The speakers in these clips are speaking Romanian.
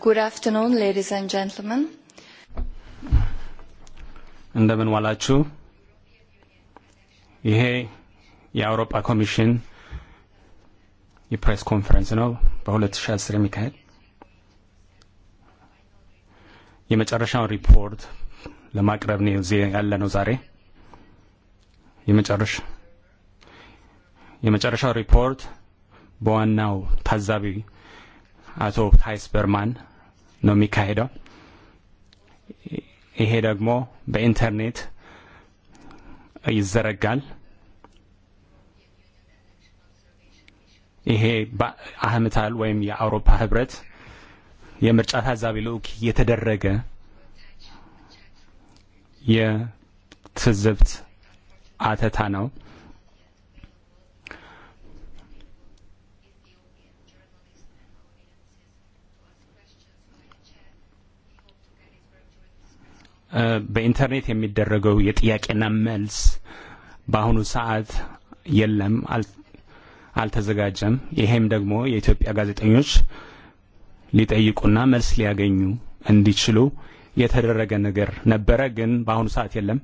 good afternoon, ladies and gentlemen. እንደምንዋላችሁ ይሄ የአውሮፓ ኮሚሽን የፕሬስ ኮንፈረንስ ነው በ2010 የሚካሄድ የመጨረሻውን ሪፖርት ለማቅረብ ነው ዜ ያለ ነው ዛሬ የመጨረሻ የመጨረሻው ሪፖርት በዋናው ታዛቢ አቶ ታይስበርማን ነው የሚካሄደው። ይሄ ደግሞ በኢንተርኔት ይዘረጋል። ይሄ አህምታል ወይም የአውሮፓ ህብረት የምርጫ ታዛቢ ልዑክ የተደረገ የትዝብት አተታ ነው። በኢንተርኔት የሚደረገው የጥያቄና መልስ በአሁኑ ሰዓት የለም፣ አልተዘጋጀም። ይሄም ደግሞ የኢትዮጵያ ጋዜጠኞች ሊጠይቁና መልስ ሊያገኙ እንዲችሉ የተደረገ ነገር ነበረ፣ ግን በአሁኑ ሰዓት የለም።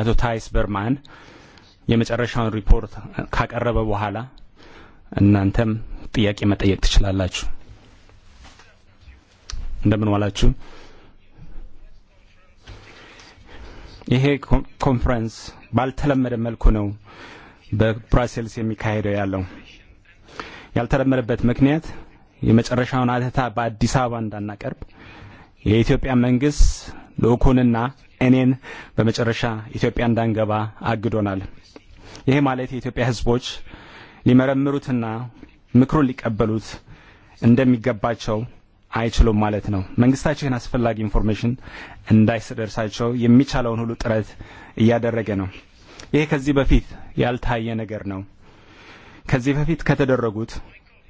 አቶ ታይስ በርማን የመጨረሻውን ሪፖርት ካቀረበ በኋላ እናንተም ጥያቄ መጠየቅ ትችላላችሁ። እንደምን ዋላችሁ? ይሄ ኮንፈረንስ ባልተለመደ መልኩ ነው በብራሴልስ የሚካሄደው ያለው። ያልተለመደበት ምክንያት የመጨረሻውን አተታ በአዲስ አበባ እንዳናቀርብ የኢትዮጵያ መንግስት ልኡኩንና እኔን በመጨረሻ ኢትዮጵያ እንዳንገባ አግዶናል። ይሄ ማለት የኢትዮጵያ ህዝቦች ሊመረምሩትና ምክሩን ሊቀበሉት እንደሚገባቸው አይችሉም ማለት ነው። መንግስታችን ይህን አስፈላጊ ኢንፎርሜሽን እንዳይደርሳቸው የሚቻለውን ሁሉ ጥረት እያደረገ ነው። ይሄ ከዚህ በፊት ያልታየ ነገር ነው። ከዚህ በፊት ከተደረጉት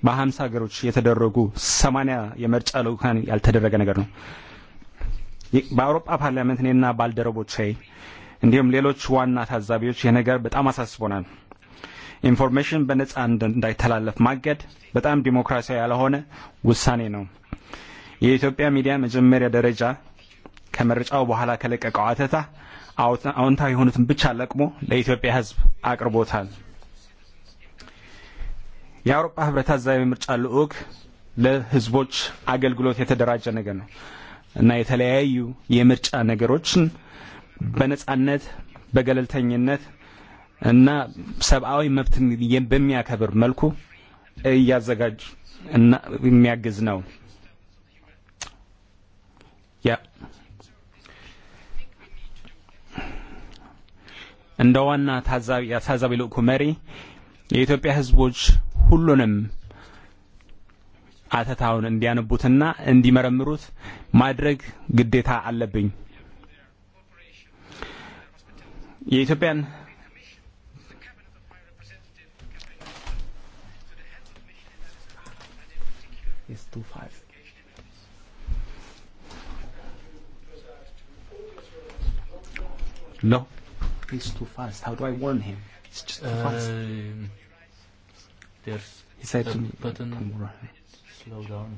በሀምሳ ሀገሮች የተደረጉ ሰማንያ የምርጫ ልዑካን ያልተደረገ ነገር ነው። በአውሮፓ ፓርላመንት እኔና ባልደረቦቼ እንዲሁም ሌሎች ዋና ታዛቢዎች ይህ ነገር በጣም አሳስቦናል። ኢንፎርሜሽን በነጻ እንዳይተላለፍ ማገድ በጣም ዲሞክራሲያዊ ያልሆነ ውሳኔ ነው። የኢትዮጵያ ሚዲያ መጀመሪያ ደረጃ ከምርጫው በኋላ ከለቀቀው አተታ አዎንታዊ የሆኑትን ብቻ ለቅሞ ለኢትዮጵያ ሕዝብ አቅርቦታል። የአውሮፓ ህብረት አዛቢ ምርጫ ልዑክ ለህዝቦች አገልግሎት የተደራጀ ነገር ነው እና የተለያዩ የምርጫ ነገሮችን በነጻነት በገለልተኝነት እና ሰብአዊ መብትን በሚያከብር መልኩ እያዘጋጅ እና የሚያግዝ ነው። እንደ ዋና ታዛቢ ልኡኩ መሪ የኢትዮጵያ ሕዝቦች ሁሉንም አተታውን እንዲያነቡትና እንዲመረምሩት ማድረግ ግዴታ አለብኝ። የኢትዮጵያን is two five. No he's too fast. How do I warn him? It's just too uh, fast. There's he said to me, button. Slow down.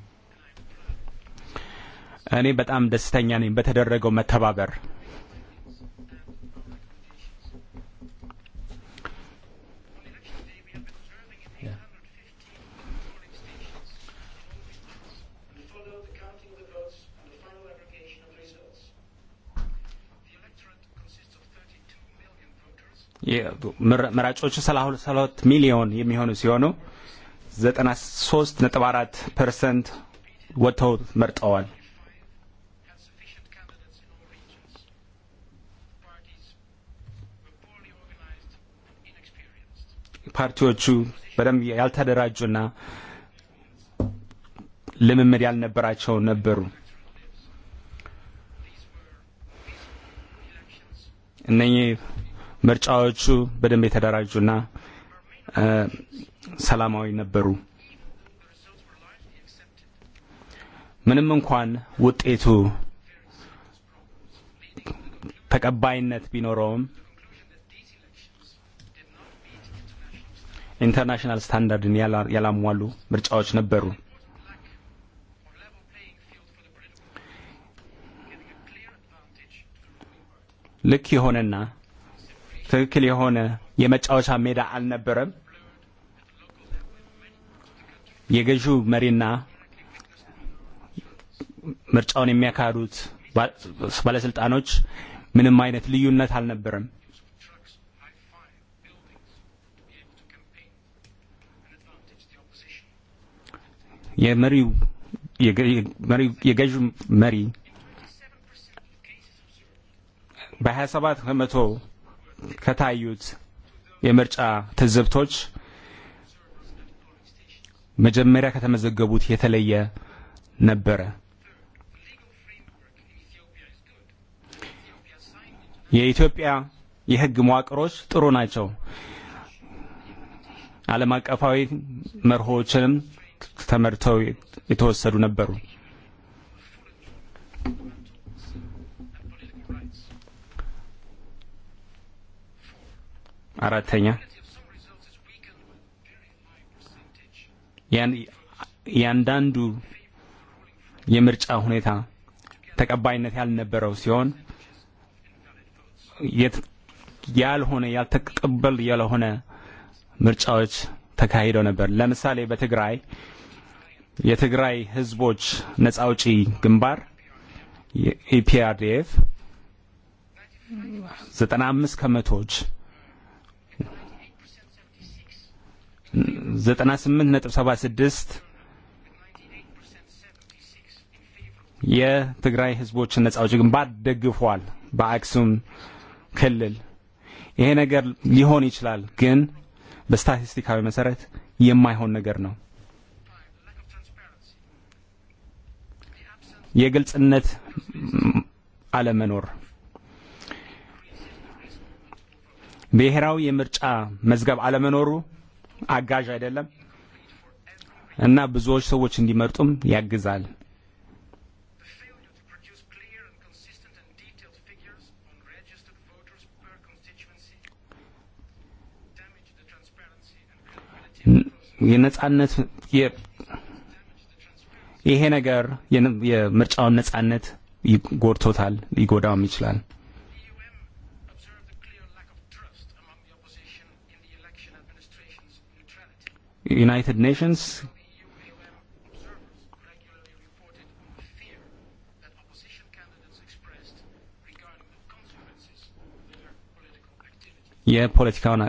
እኔ በጣም ደስተኛ ነኝ በተደረገው መተባበር መራጮቹ ሰላሳ ሁለት ሚሊዮን የሚሆኑ ሲሆኑ ዘጠና ሶስት ነጥብ አራት ፐርሰንት ወጥተው መርጠዋል። ፓርቲዎቹ በደንብ ያልተደራጁና ልምምድ ያልነበራቸው ነበሩ። እነኚህ ምርጫዎቹ በደንብ የተደራጁና ሰላማዊ ነበሩ። ምንም እንኳን ውጤቱ ተቀባይነት ቢኖረውም ኢንተርናሽናል ስታንዳርድን ያላሟሉ ምርጫዎች ነበሩ። ልክ የሆነና ትክክል የሆነ የመጫወቻ ሜዳ አልነበረም። የገዢው መሪና ምርጫውን የሚያካሂዱት ባለስልጣኖች ምንም አይነት ልዩነት አልነበረም። የመሪው የገዢው መሪ በ27 ከመቶ ከታዩት የምርጫ ትዝብቶች መጀመሪያ ከተመዘገቡት የተለየ ነበረ። የኢትዮጵያ የሕግ መዋቅሮች ጥሩ ናቸው። ዓለም አቀፋዊ መርሆዎችንም ተመርተው የተወሰዱ ነበሩ። አራተኛ ያንዳንዱ የምርጫ ሁኔታ ተቀባይነት ያልነበረው ሲሆን ያልሆነ ያልተቀበል ያልሆነ ምርጫዎች ተካሂደው ነበር። ለምሳሌ በትግራይ የትግራይ ህዝቦች ነጻ አውጪ ግንባር ኢፒአርዲኤፍ ዘጠና አምስት ከመቶዎች 98.76 የትግራይ ህዝቦችን ነጻ አውጪ ግንባር ደግፏል በአክሱም ክልል። ይሄ ነገር ሊሆን ይችላል፣ ግን በስታቲስቲካዊ መሰረት የማይሆን ነገር ነው። የግልጽነት አለመኖር ብሔራዊ የምርጫ መዝገብ አለመኖሩ አጋዥ አይደለም እና ብዙዎች ሰዎች እንዲመርጡም ያግዛል። የነጻነት ይሄ ነገር የምርጫውን ነጻነት ይጎድቶታል፣ ሊጎዳውም ይችላል። United Nations የፖለቲካውን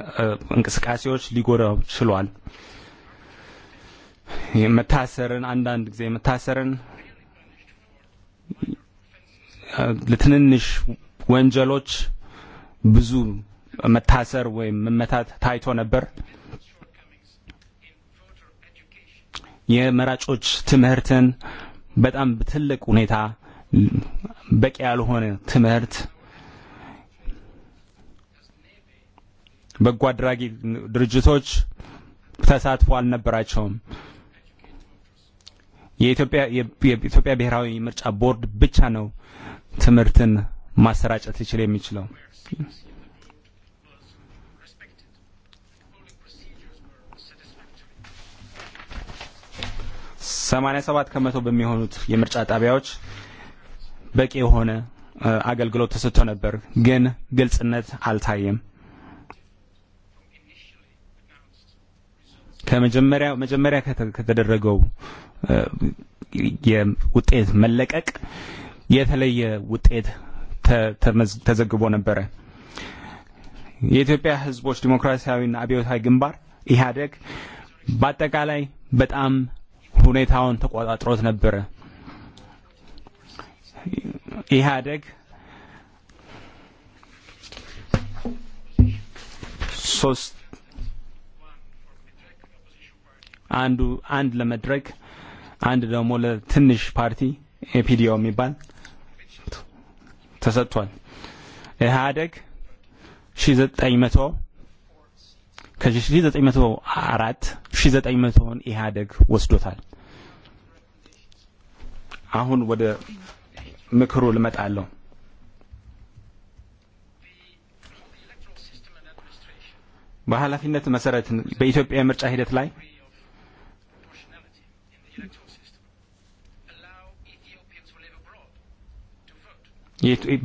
እንቅስቃሴዎች ሊጎዳው ችሏል። መታሰርን አንዳንድ ጊዜ መታሰርን ለትንንሽ ወንጀሎች ብዙ መታሰር ወይም መመታት ታይቶ ነበር። የመራጮች ትምህርትን በጣም ትልቅ ሁኔታ በቂ ያልሆነ ትምህርት በጎ አድራጊ ድርጅቶች ተሳትፎ አልነበራቸውም። የኢትዮጵያ ብሔራዊ ምርጫ ቦርድ ብቻ ነው ትምህርትን ማሰራጨት ይችል የሚችለው። 87 ከመቶ በሚሆኑት የምርጫ ጣቢያዎች በቂ የሆነ አገልግሎት ተሰጥቶ ነበር፣ ግን ግልጽነት አልታየም። ከመጀመሪያ መጀመሪያ ከተደረገው የውጤት መለቀቅ የተለየ ውጤት ተዘግቦ ነበረ። የኢትዮጵያ ሕዝቦች ዲሞክራሲያዊና አብዮታዊ ግንባር ኢህአዴግ በአጠቃላይ በጣም ሁኔታውን ተቆጣጥሮት ነበረ። ኢህአደግ ሶስት አንዱ አንድ ለመድረክ አንድ ደግሞ ለትንሽ ፓርቲ ኤፒዲዮ የሚባል ተሰጥቷል። ኢህአደግ ሺ ዘጠኝ መቶ ከ1904 1900ን ኢህአደግ ወስዶታል። አሁን ወደ ምክሩ ልመጣለሁ። በኃላፊነት መሰረት በኢትዮጵያ የምርጫ ሂደት ላይ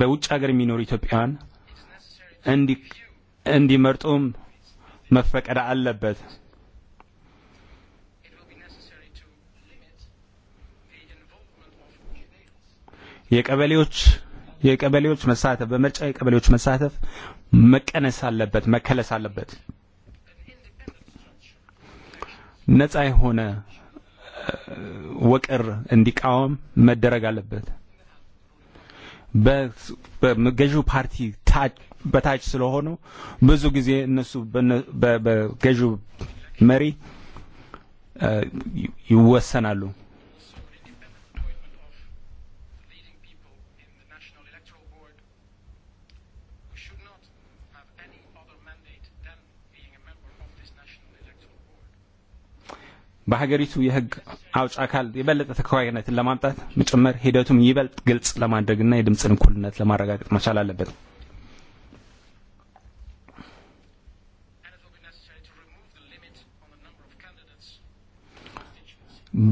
በውጭ ሀገር የሚኖሩ ኢትዮጵያውያን እንዲመርጡም መፈቀድ አለበት። የቀበሌዎች የቀበሌዎች መሳተፍ በምርጫ የቀበሌዎች መሳተፍ መቀነስ አለበት፣ መከለስ አለበት። ነፃ የሆነ ውቅር እንዲቃወም መደረግ አለበት። በገዢው ፓርቲ በታች ስለሆኑ ብዙ ጊዜ እነሱ በገዢው መሪ ይወሰናሉ። በሀገሪቱ የህግ አውጭ አካል የበለጠ ተከባይነትን ለማምጣት መጨመር ሂደቱም ይበልጥ ግልጽ ለማድረግና የድምፅን እኩልነት ለማረጋገጥ መቻል አለበት።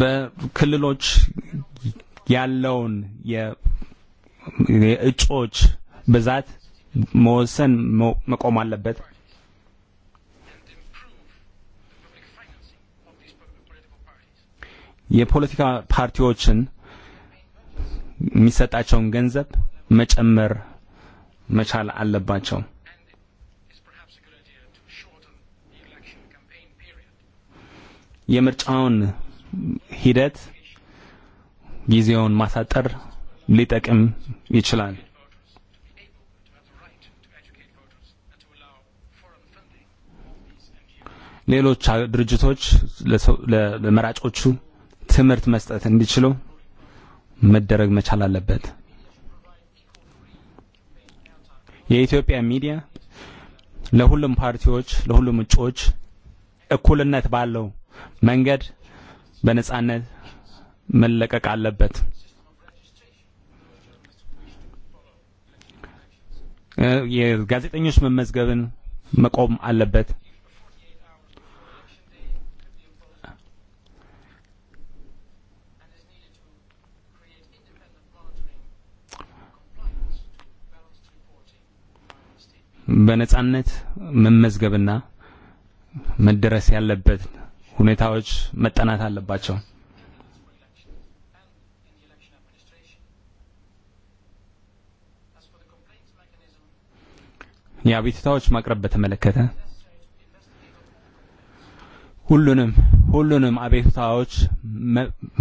በክልሎች ያለውን የእጩዎች ብዛት መወሰን መቆም አለበት። የፖለቲካ ፓርቲዎችን የሚሰጣቸውን ገንዘብ መጨመር መቻል አለባቸው። የምርጫውን ሂደት ጊዜውን ማሳጠር ሊጠቅም ይችላል። ሌሎች ድርጅቶች ለመራጮቹ ትምህርት መስጠት እንዲችሉ መደረግ መቻል አለበት። የኢትዮጵያ ሚዲያ ለሁሉም ፓርቲዎች፣ ለሁሉም እጩዎች እኩልነት ባለው መንገድ በነጻነት መለቀቅ አለበት። የጋዜጠኞች መመዝገብን መቆም አለበት። በነጻነት መመዝገብና መደረስ ያለበት ሁኔታዎች መጠናት አለባቸው። የአቤቱታዎች ማቅረብ በተመለከተ ሁሉንም ሁሉንም አቤቱታዎች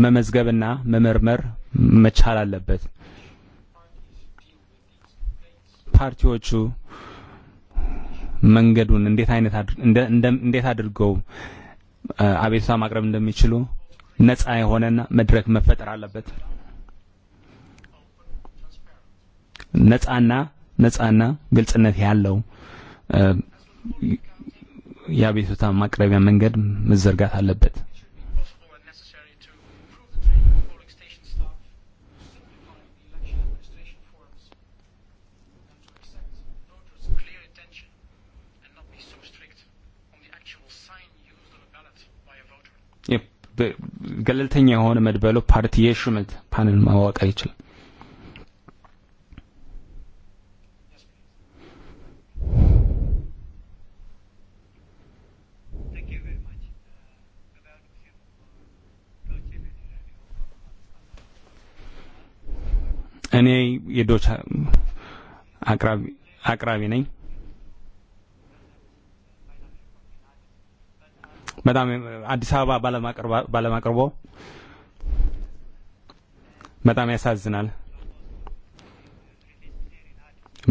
መመዝገብና መመርመር መቻል አለበት። ፓርቲዎቹ መንገዱን እንዴት አይነት እንዴት አድርገው አቤቱታ ማቅረብ እንደሚችሉ ነጻ የሆነና መድረክ መፈጠር አለበት። ነጻና ነጻና ግልጽነት ያለው የአቤቱታ ማቅረቢያ መንገድ መዘርጋት አለበት። ገለልተኛ የሆነ መድበሎ ፓርቲ የሹመት ፓነል ማዋቀር ይችላል። እኔ የዶች አቅራቢ ነኝ። በጣም አዲስ አበባ ባለማቅረቦ በጣም ያሳዝናል።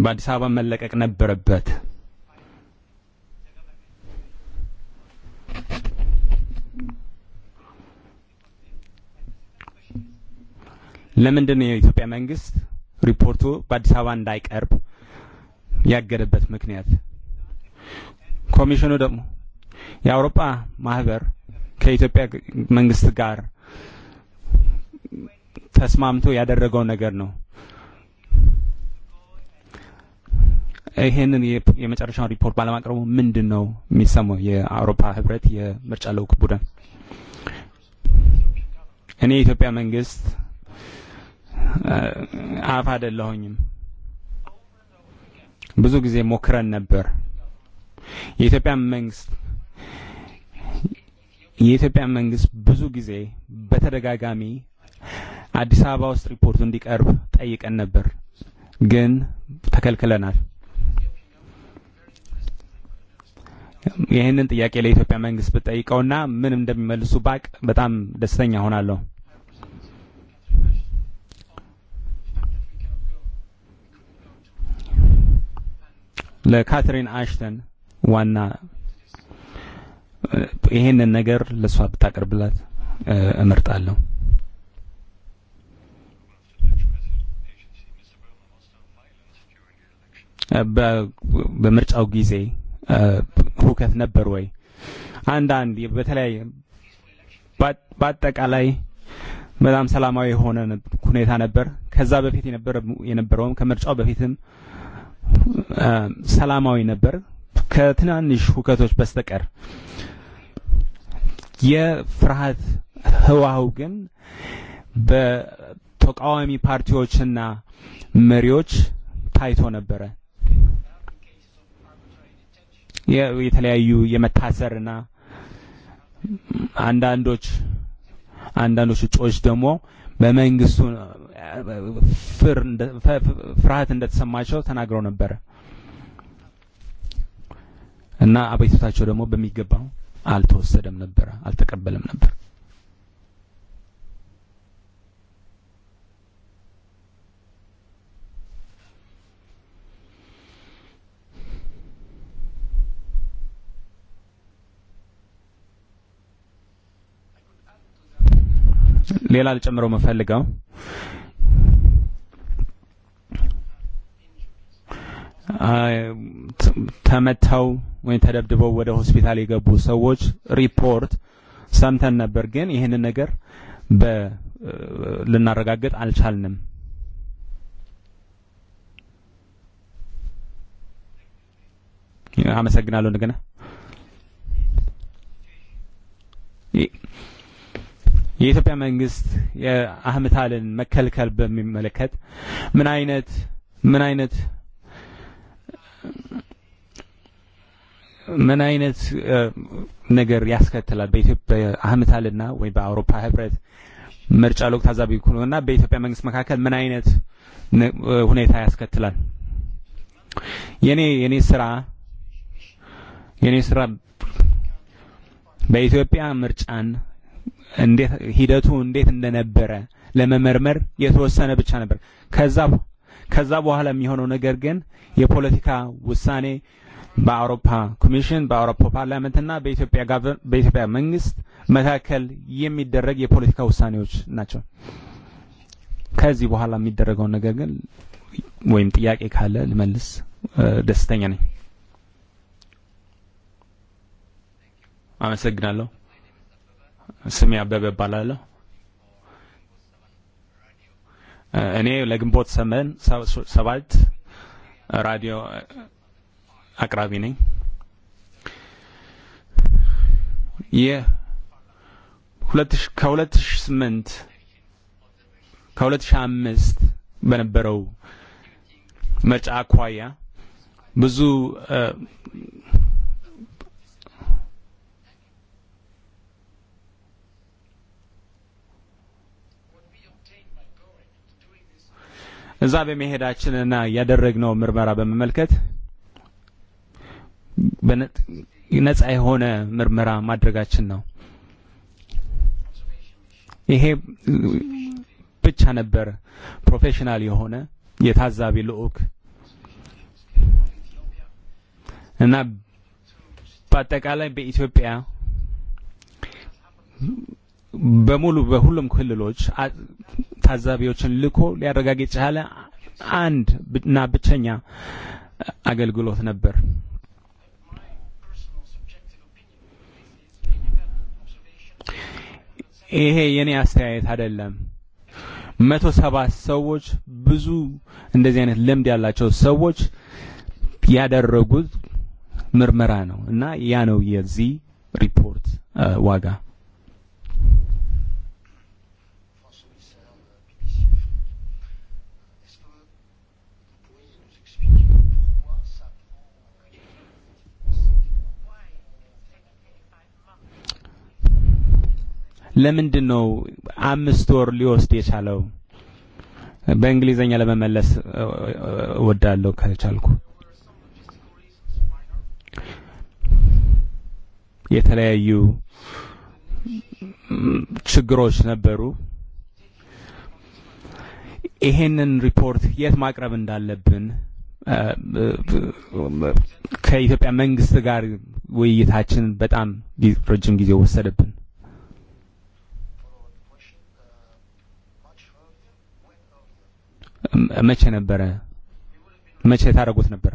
በአዲስ አበባ መለቀቅ ነበረበት። ለምንድን ነው የኢትዮጵያ መንግስት ሪፖርቱ በአዲስ አበባ እንዳይቀርብ ያገደበት ምክንያት? ኮሚሽኑ ደግሞ የአውሮፓ ማህበር ከኢትዮጵያ መንግስት ጋር ተስማምቶ ያደረገው ነገር ነው። ይሄንን የመጨረሻውን ሪፖርት ባለማቅረቡ ምንድን ነው የሚሰማው የአውሮፓ ህብረት የምርጫ ልዑክ ቡድን? እኔ የኢትዮጵያ መንግስት አፍ አይደለሁኝም። ብዙ ጊዜ ሞክረን ነበር። የኢትዮጵያ መንግስት የኢትዮጵያ መንግስት ብዙ ጊዜ በተደጋጋሚ አዲስ አበባ ውስጥ ሪፖርቱ እንዲቀርብ ጠይቀን ነበር፣ ግን ተከልክለናል። ይህንን ጥያቄ ለኢትዮጵያ መንግስት ብጠይቀውና ምን እንደሚመልሱ ባቅ በጣም ደስተኛ ሆናለሁ። ለካትሪን አሽተን ዋና ይሄንን ነገር ለእሷ ብታቀርብላት እመርጣለሁ። በምርጫው ጊዜ ሁከት ነበር ወይ? አንዳንድ በተለያየ በአጠቃላይ በጣም ሰላማዊ የሆነ ሁኔታ ነበር። ከዛ በፊት የነበረውም ከምርጫው በፊትም ሰላማዊ ነበር ከትናንሽ ሁከቶች በስተቀር የፍርሃት ህዋው ግን በተቃዋሚ ፓርቲዎችና መሪዎች ታይቶ ነበረ። የተለያዩ የመታሰርና አንዳንዶች አንዳንዶች እጩዎች ደግሞ በመንግስቱ ፍርሃት እንደተሰማቸው ተናግረው ነበረ እና አቤቱታቸው ደግሞ በሚገባው አልተወሰደም ነበረ፣ አልተቀበለም ነበር። ሌላ ልጨምረው መፈልገው ተመተው ወይም ተደብድበው ወደ ሆስፒታል የገቡ ሰዎች ሪፖርት ሰምተን ነበር፣ ግን ይህንን ነገር ልናረጋግጥ አልቻልንም። አመሰግናለሁ እንደገና የኢትዮጵያ መንግስት የአህምታልን መከልከል በሚመለከት ምን አይነት ምን አይነት ምን አይነት ነገር ያስከትላል? በኢትዮጵያ አመታልና ወይ በአውሮፓ ህብረት ምርጫ ሎክ ታዛቢ ሆኖና በኢትዮጵያ መንግስት መካከል ምን አይነት ሁኔታ ያስከትላል? የኔ የኔ ስራ የኔ ስራ በኢትዮጵያ ምርጫን እንዴት ሂደቱ እንዴት እንደነበረ ለመመርመር የተወሰነ ብቻ ነበር። ከዛ ከዛ በኋላ የሚሆነው ነገር ግን የፖለቲካ ውሳኔ በአውሮፓ ኮሚሽን በአውሮፓ ፓርላመንትና በኢትዮጵያ በኢትዮጵያ መንግስት መካከል የሚደረግ የፖለቲካ ውሳኔዎች ናቸው። ከዚህ በኋላ የሚደረገውን ነገር ግን ወይም ጥያቄ ካለ ልመልስ ደስተኛ ነኝ። አመሰግናለሁ። ስሜ አበበ እባላለሁ። እኔ ለግንቦት ሰመን ሰባት ራዲዮ አቅራቢ ነኝ። ይህ ከሁለት ሺ ስምንት ከሁለት ሺ አምስት በነበረው ምርጫ አኳያ ብዙ እዛ በመሄዳችንና ያደረግነው ምርመራ በመመልከት ነፃ የሆነ ምርመራ ማድረጋችን ነው። ይሄ ብቻ ነበር ፕሮፌሽናል የሆነ የታዛቢ ልዑክ እና በአጠቃላይ በኢትዮጵያ በሙሉ በሁሉም ክልሎች ታዛቢዎችን ልኮ ሊያረጋግጥ የቻለ አንድ እና ብቸኛ አገልግሎት ነበር። ይሄ የኔ አስተያየት አይደለም። መቶ ሰባ ሰዎች ብዙ እንደዚህ አይነት ልምድ ያላቸው ሰዎች ያደረጉት ምርመራ ነው እና ያ ነው የዚህ ሪፖርት ዋጋ። ለምንድን ነው አምስት ወር ሊወስድ የቻለው? በእንግሊዘኛ ለመመለስ እወዳለሁ ከቻልኩ። የተለያዩ ችግሮች ነበሩ። ይሄንን ሪፖርት የት ማቅረብ እንዳለብን ከኢትዮጵያ መንግስት ጋር ውይይታችን በጣም ረጅም ጊዜ ወሰደብን። መቼ ነበረ? መቼ ታደረጉት ነበረ?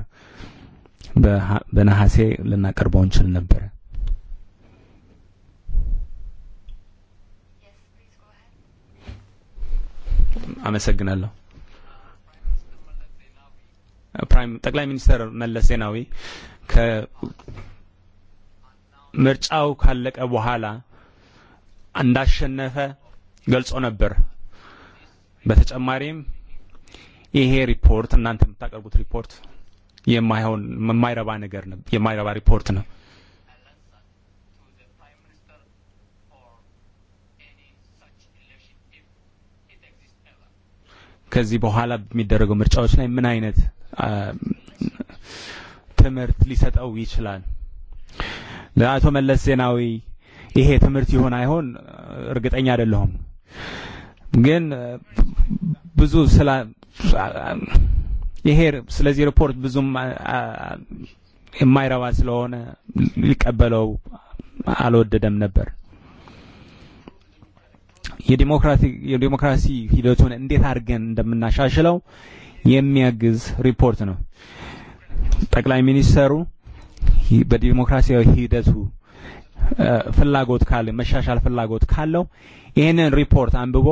በነሐሴ ልናቀርበው እንችል ነበረ። አመሰግናለሁ። ፕራይም ጠቅላይ ሚኒስትር መለስ ዜናዊ ከምርጫው ካለቀ በኋላ እንዳሸነፈ ገልጾ ነበር። በተጨማሪም ይሄ ሪፖርት እናንተ የምታቀርቡት ሪፖርት የማይሆን የማይረባ ነገር ነው፣ የማይረባ ሪፖርት ነው። ከዚህ በኋላ በሚደረገው ምርጫዎች ላይ ምን አይነት ትምህርት ሊሰጠው ይችላል? ለአቶ መለስ ዜናዊ ይሄ ትምህርት ይሆን አይሆን እርግጠኛ አይደለሁም፣ ግን ብዙ ይሄ ስለዚህ ሪፖርት ብዙም የማይረባ ስለሆነ ሊቀበለው አልወደደም ነበር። የዲሞክራሲ ሂደቱን እንዴት አድርገን እንደምናሻሽለው የሚያግዝ ሪፖርት ነው። ጠቅላይ ሚኒስተሩ በዲሞክራሲያዊ ሂደቱ ፍላጎት ካለ መሻሻል ፍላጎት ካለው ይህንን ሪፖርት አንብቦ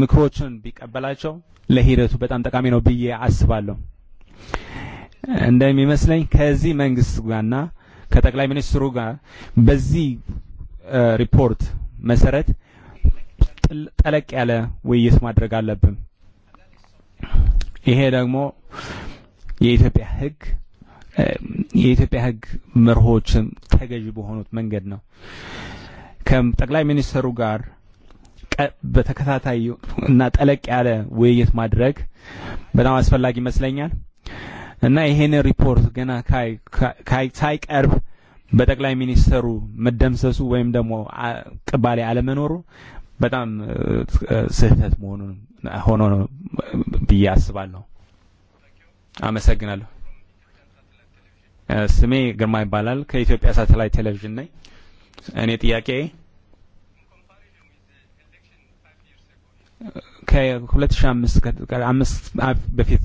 ምክሮችን ቢቀበላቸው ለሂደቱ በጣም ጠቃሚ ነው ብዬ አስባለሁ። እንደሚመስለኝ ከዚህ መንግስት ጋርና ከጠቅላይ ሚኒስትሩ ጋር በዚህ ሪፖርት መሰረት ጠለቅ ያለ ውይይት ማድረግ አለብን። ይሄ ደግሞ የኢትዮጵያ ህግ የኢትዮጵያ ህግ መርሆችም ተገዥ በሆኑት መንገድ ነው። ከጠቅላይ ሚኒስትሩ ጋር በተከታታይ እና ጠለቅ ያለ ውይይት ማድረግ በጣም አስፈላጊ ይመስለኛል እና ይሄን ሪፖርት ገና ካይ ሳይቀርብ በጠቅላይ ሚኒስትሩ መደምሰሱ ወይም ደግሞ ቅባሌ አለመኖሩ በጣም ስህተት መሆኑን ሆኖ ነው ብዬ አስባለሁ። አመሰግናለሁ። ስሜ ግርማ ይባላል። ከኢትዮጵያ ሳተላይት ቴሌቪዥን ነኝ። እኔ ጥያቄ ከሁለት ሺህ አምስት በፊት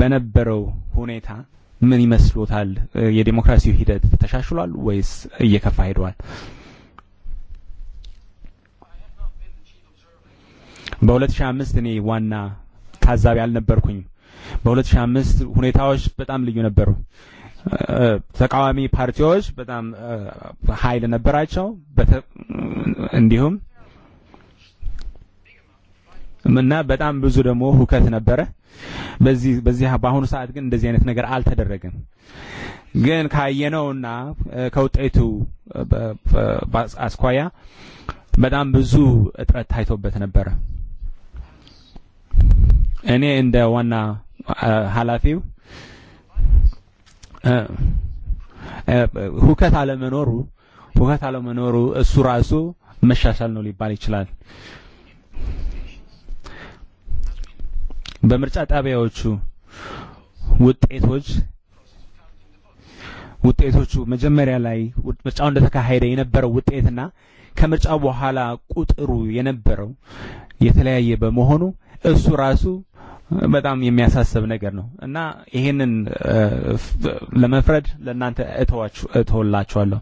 በነበረው ሁኔታ ምን ይመስሎታል? የዲሞክራሲው ሂደት ተሻሽሏል ወይስ እየከፋ ሄዷል? በ2005 እኔ ዋና ታዛቢ አልነበርኩኝ። በ2005 ሁኔታዎች በጣም ልዩ ነበሩ። ተቃዋሚ ፓርቲዎች በጣም ኃይል ነበራቸው። እንዲሁም እና በጣም ብዙ ደግሞ ሁከት ነበረ። በዚህ በዚህ በአሁኑ ሰዓት ግን እንደዚህ አይነት ነገር አልተደረገም። ግን ካየነውና ከውጤቱ አስኳያ በጣም ብዙ እጥረት ታይቶበት ነበረ። እኔ እንደ ዋና ኃላፊው ሁከት አለመኖሩ ሁከት አለመኖሩ እሱ ራሱ መሻሻል ነው ሊባል ይችላል። በምርጫ ጣቢያዎቹ ውጤቶች ውጤቶቹ መጀመሪያ ላይ ምርጫው እንደተካሄደ የነበረው ውጤትና ከምርጫው በኋላ ቁጥሩ የነበረው የተለያየ በመሆኑ እሱ ራሱ በጣም የሚያሳስብ ነገር ነው እና ይህንን ለመፍረድ ለእናንተ እተወላችኋለሁ።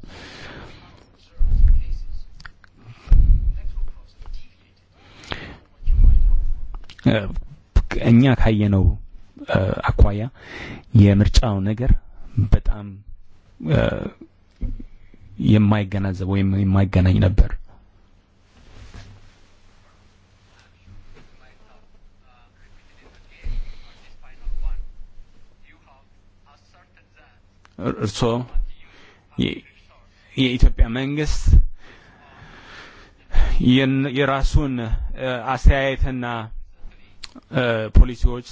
እኛ ካየነው አኳያ የምርጫው ነገር በጣም የማይገናዘብ ወይም የማይገናኝ ነበር። እርሶ የኢትዮጵያ መንግስት የራሱን አስተያየትና ፖሊሲዎች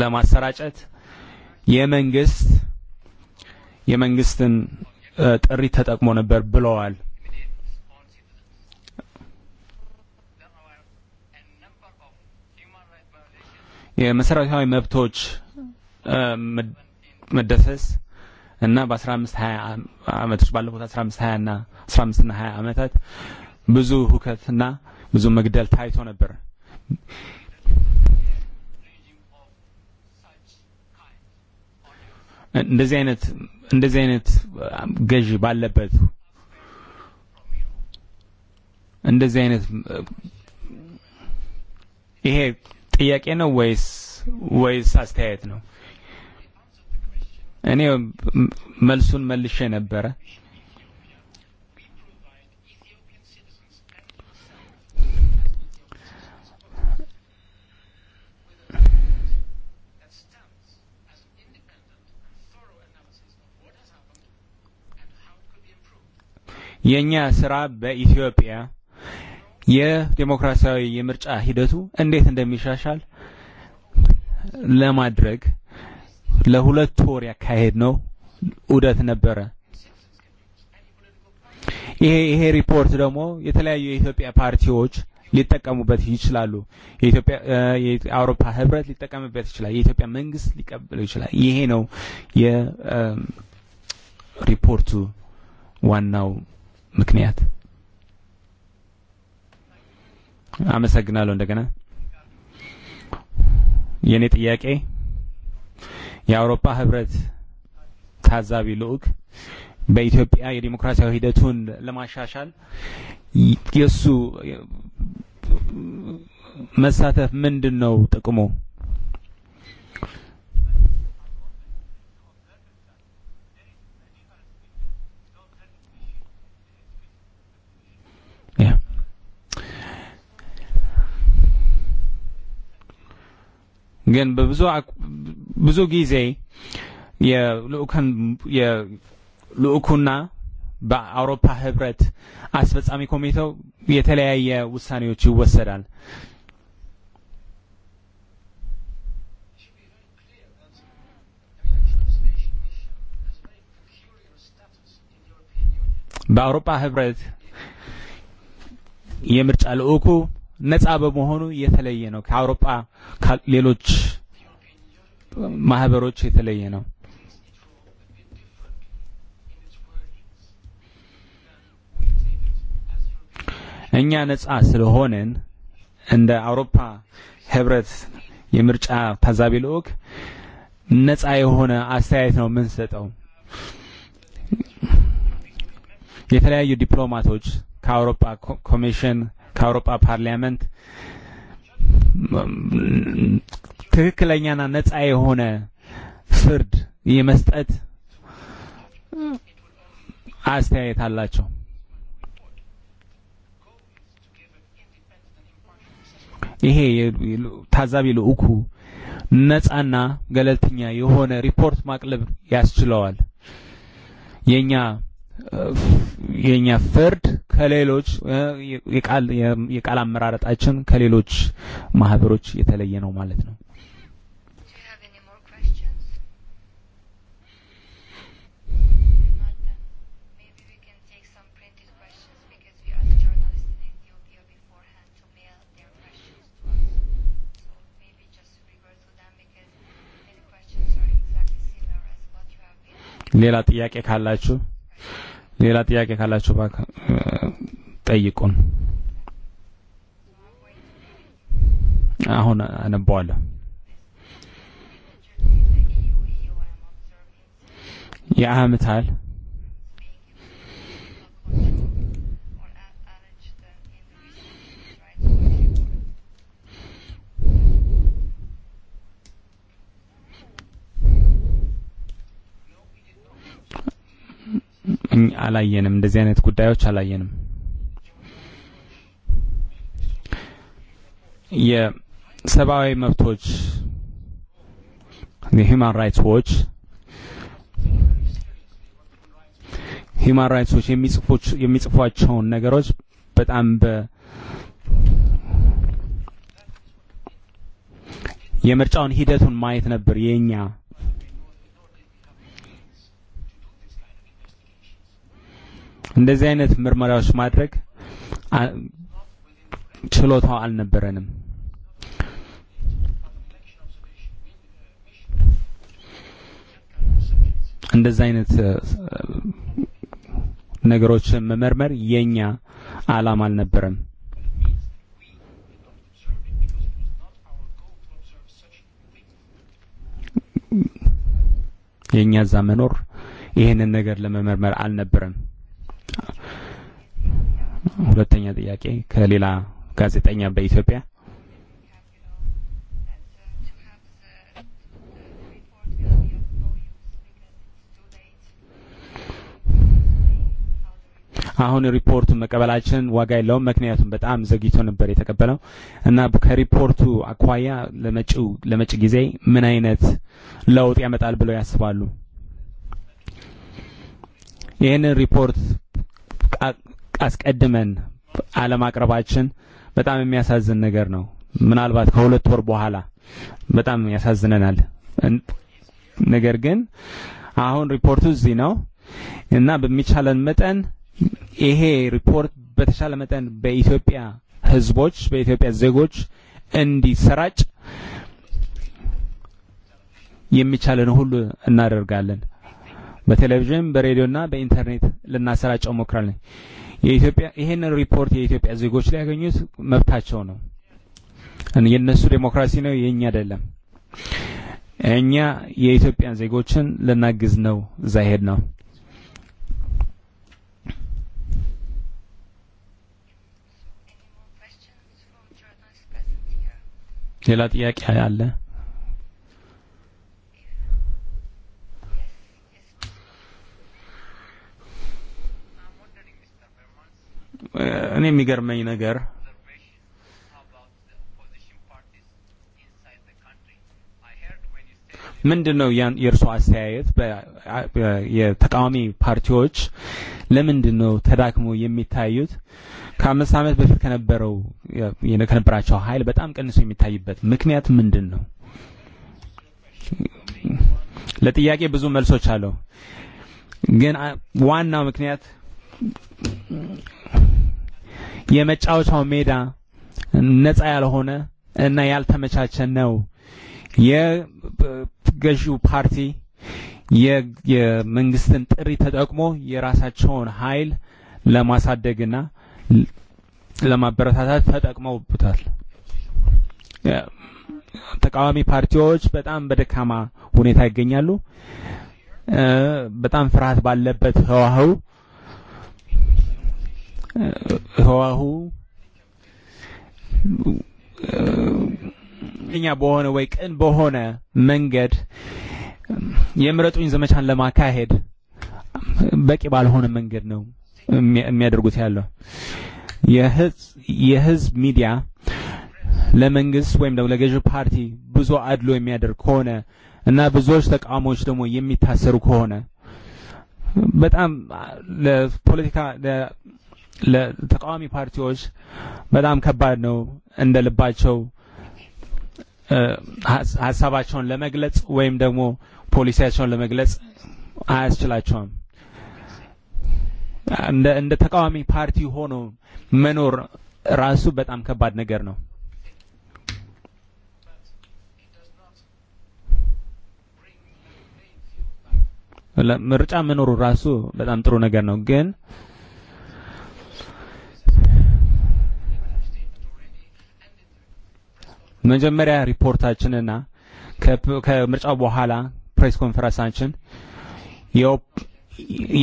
ለማሰራጨት የመንግስት የመንግስትን ጥሪ ተጠቅሞ ነበር ብለዋል። የመሰረታዊ መብቶች መደሰስ እና በ 1520 20 ዓመቶች ባለፉት 1520 እና 15 እና 20 ዓመታት ብዙ እና ብዙ መግደል ታይቶ ነበር። እንደዚህ አይነት እንደዚህ አይነት ገዥ ባለበት እንደዚህ አይነት ይሄ ጥያቄ ነው ወይስ ወይስ አስተያየት ነው? እኔ መልሱን መልሼ ነበረ። የእኛ ስራ በኢትዮጵያ የዴሞክራሲያዊ የምርጫ ሂደቱ እንዴት እንደሚሻሻል ለማድረግ ለሁለት ወር ያካሄድ ነው ዑደት ነበረ። ይሄ ይሄ ሪፖርት ደግሞ የተለያዩ የኢትዮጵያ ፓርቲዎች ሊጠቀሙበት ይችላሉ። የኢትዮጵያ የአውሮፓ ህብረት ሊጠቀምበት ይችላል። የኢትዮጵያ መንግስት ሊቀበለው ይችላል። ይሄ ነው የሪፖርቱ ዋናው ምክንያት። አመሰግናለሁ። እንደገና የእኔ ጥያቄ የአውሮፓ ህብረት ታዛቢ ልዑክ በኢትዮጵያ የዲሞክራሲያዊ ሂደቱን ለማሻሻል የእሱ መሳተፍ ምንድን ነው ጥቅሙ? ግን በብዙ buzu gize ye lukun ye ba Europa hebret asfetsami komito yetelayaye wusaniyochi wosedal ba Europa hebret ye mirtsa lukku ነጻ በመሆኑ የተለየ ነው ከአውሮፓ ሌሎች ማህበሮች የተለየ ነው። እኛ ነጻ ስለሆነን እንደ አውሮፓ ህብረት የምርጫ ታዛቢ ልዑክ ነጻ የሆነ አስተያየት ነው የምንሰጠው። የተለያዩ ዲፕሎማቶች ከአውሮፓ ኮሚሽን ከአውሮፓ ፓርሊያመንት ትክክለኛና ነጻ የሆነ ፍርድ የመስጠት አስተያየት አላቸው። ይሄ ታዛቢ ልኡኩ ነጻና ገለልተኛ የሆነ ሪፖርት ማቅለብ ያስችለዋል። የእኛ የኛ ፍርድ ከሌሎች የቃል የቃል አመራረጣችን ከሌሎች ማህበሮች የተለየ ነው ማለት ነው። ሌላ ጥያቄ ካላችሁ ሌላ ጥያቄ ካላችሁ ባክ ጠይቁን። አሁን አነባዋለሁ። የአመታል አላየንም። እንደዚህ አይነት ጉዳዮች አላየንም። የሰብአዊ መብቶች የሂማን ራይትስ ዎች ሂማን ራይትስ ዎች የሚጽፎች የሚጽፏቸውን ነገሮች በጣም በ የምርጫውን ሂደቱን ማየት ነበር የኛ እንደዚህ አይነት ምርመራዎች ማድረግ ችሎታው አልነበረንም። እንደዚህ አይነት ነገሮችን መመርመር የኛ አላማ አልነበረም። የእኛ እዛ መኖር ይህንን ነገር ለመመርመር አልነበረም። ሁለተኛ ጥያቄ ከሌላ ጋዜጠኛ በኢትዮጵያ አሁን ሪፖርቱን መቀበላችን ዋጋ የለውም። ምክንያቱም በጣም ዘግይቶ ነበር የተቀበለው እና ከሪፖርቱ አኳያ ለመጪው ለመጪ ጊዜ ምን አይነት ለውጥ ያመጣል ብለው ያስባሉ? ይህንን ሪፖርት አስቀድመን አለማቅረባችን በጣም የሚያሳዝን ነገር ነው። ምናልባት ከሁለት ወር በኋላ በጣም ያሳዝነናል። ነገር ግን አሁን ሪፖርቱ እዚህ ነው እና በሚቻለን መጠን ይሄ ሪፖርት በተሻለ መጠን በኢትዮጵያ ህዝቦች፣ በኢትዮጵያ ዜጎች እንዲሰራጭ የሚቻለን ሁሉ እናደርጋለን። በቴሌቪዥን፣ በሬዲዮና በኢንተርኔት ልናሰራጨው ሞክራለን። የኢትዮጵያ ይሄንን ሪፖርት የኢትዮጵያ ዜጎች ሊያገኙት መብታቸው ነው። የእነሱ ዴሞክራሲ ነው፣ የእኛ አይደለም። እኛ የኢትዮጵያን ዜጎችን ልናግዝ ነው እዛ ሄድ ነው። ሌላ ጥያቄ አለ? እኔ የሚገርመኝ ነገር ምንድን ነው የእርሱ አስተያየት? የተቃዋሚ ፓርቲዎች ለምንድን ነው ተዳክሞ የሚታዩት? ከአምስት ዓመት በፊት ከነበረው ከነበራቸው ኃይል በጣም ቀንሶ የሚታይበት ምክንያት ምንድን ነው? ለጥያቄ ብዙ መልሶች አለው፣ ግን ዋናው ምክንያት የመጫወቻው ሜዳ ነፃ ያልሆነ እና ያልተመቻቸ ነው። የገዢው ፓርቲ የመንግስትን ጥሪ ተጠቅሞ የራሳቸውን ኃይል ለማሳደግና ለማበረታታት ተጠቅመውበታል። ተቃዋሚ ፓርቲዎች በጣም በደካማ ሁኔታ ይገኛሉ። በጣም ፍርሃት ባለበት ህዋህው Oahu. እኛ በሆነ ወይ ቅን በሆነ መንገድ የምረጡኝ ዘመቻን ለማካሄድ በቂ ባልሆነ መንገድ ነው የሚያደርጉት ያለው የህዝብ ሚዲያ ለመንግስት ወይም ደግሞ ለገዢ ፓርቲ ብዙ አድሎ የሚያደርግ ከሆነ እና ብዙዎች ተቃዋሚዎች ደግሞ የሚታሰሩ ከሆነ በጣም ለፖለቲካ ለተቃዋሚ ፓርቲዎች በጣም ከባድ ነው እንደ ልባቸው ሀሳባቸውን ለመግለጽ ወይም ደግሞ ፖሊሲያቸውን ለመግለጽ አያስችላቸውም። እንደ እንደ ተቃዋሚ ፓርቲ ሆኖ መኖር ራሱ በጣም ከባድ ነገር ነው። ምርጫ መኖሩ ራሱ በጣም ጥሩ ነገር ነው ግን መጀመሪያ ሪፖርታችንና ከምርጫው በኋላ ፕሬስ ኮንፈረንሳችን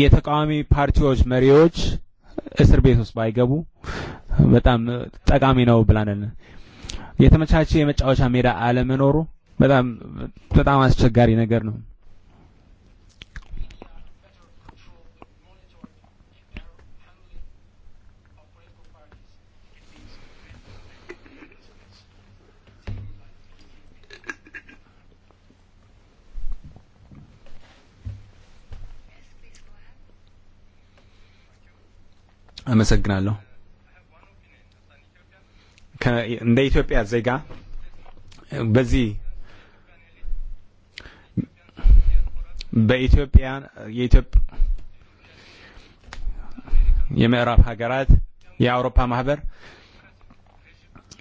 የተቃዋሚ ፓርቲዎች መሪዎች እስር ቤት ውስጥ ባይገቡ በጣም ጠቃሚ ነው ብላለን። የተመቻቸ የመጫወቻ ሜዳ አለመኖሩ በጣም በጣም አስቸጋሪ ነገር ነው። አመሰግናለሁ። እንደ ኢትዮጵያ ዜጋ በዚህ በኢትዮጵያ የኢትዮጵያ የምዕራብ ሀገራት የአውሮፓ ማህበር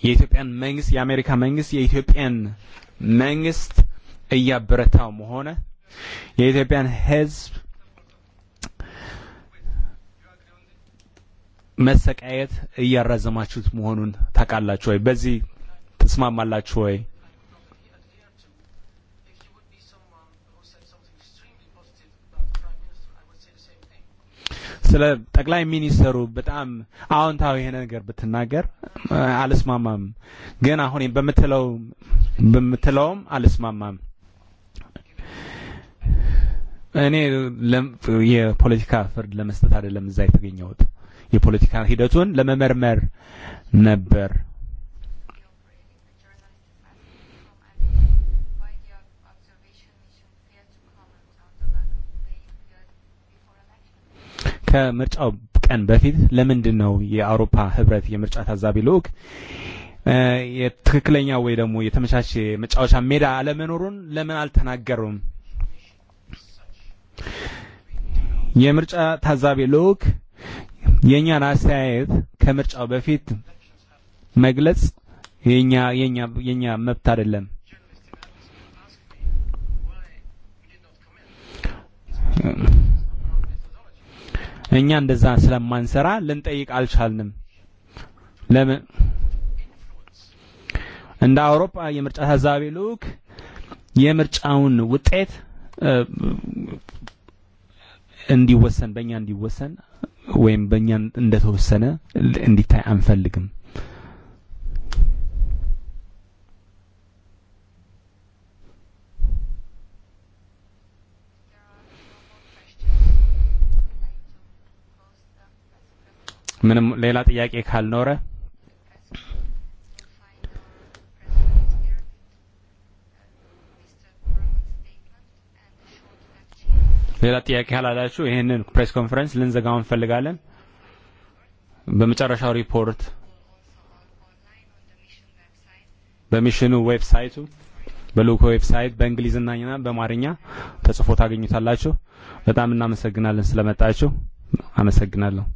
የኢትዮጵያን መንግስት የአሜሪካ መንግስት የኢትዮጵያን መንግስት እያበረታው መሆነ የኢትዮጵያን ህዝብ መሰቃየት እያራዘማችሁት መሆኑን ታውቃላችሁ ወይ? በዚህ ትስማማላችሁ ወይ? ስለ ጠቅላይ ሚኒስትሩ በጣም አዎንታዊ ይሄ ነገር ብትናገር አልስማማም፣ ግን አሁን በምትለው በምትለውም አልስማማም። እኔ የፖለቲካ ፍርድ ለመስጠት አይደለም እዛ የተገኘሁት። የፖለቲካ ሂደቱን ለመመርመር ነበር። ከምርጫው ቀን በፊት ለምንድን ነው የአውሮፓ ህብረት የምርጫ ታዛቢ ልዑክ የትክክለኛ ወይ ደግሞ የተመቻቸ መጫወቻ ሜዳ አለመኖሩን ለምን አልተናገሩም? የምርጫ ታዛቢ ልዑክ የእኛን አስተያየት ከምርጫው በፊት መግለጽ የኛ የኛ የኛ መብት አይደለም። እኛ እንደዛ ስለማንሰራ ልንጠይቅ አልቻልንም። ለምን እንደ አውሮፓ የምርጫ ታዛቢ ልዑክ የምርጫውን ውጤት እንዲወሰን በእኛ እንዲወሰን ወይም በእኛ እንደተወሰነ እንዲታይ አንፈልግም። ምንም ሌላ ጥያቄ ካልኖረ ሌላ ጥያቄ ካላላችሁ ይህንን ፕሬስ ኮንፈረንስ ልንዘጋው እንፈልጋለን። በመጨረሻው ሪፖርት በሚሽኑ ዌብሳይቱ በልኡኮ ዌብሳይት በእንግሊዝኛና በአማርኛ ተጽፎ ታገኙታላችሁ። በጣም እናመሰግናለን ስለመጣችሁ። አመሰግናለሁ።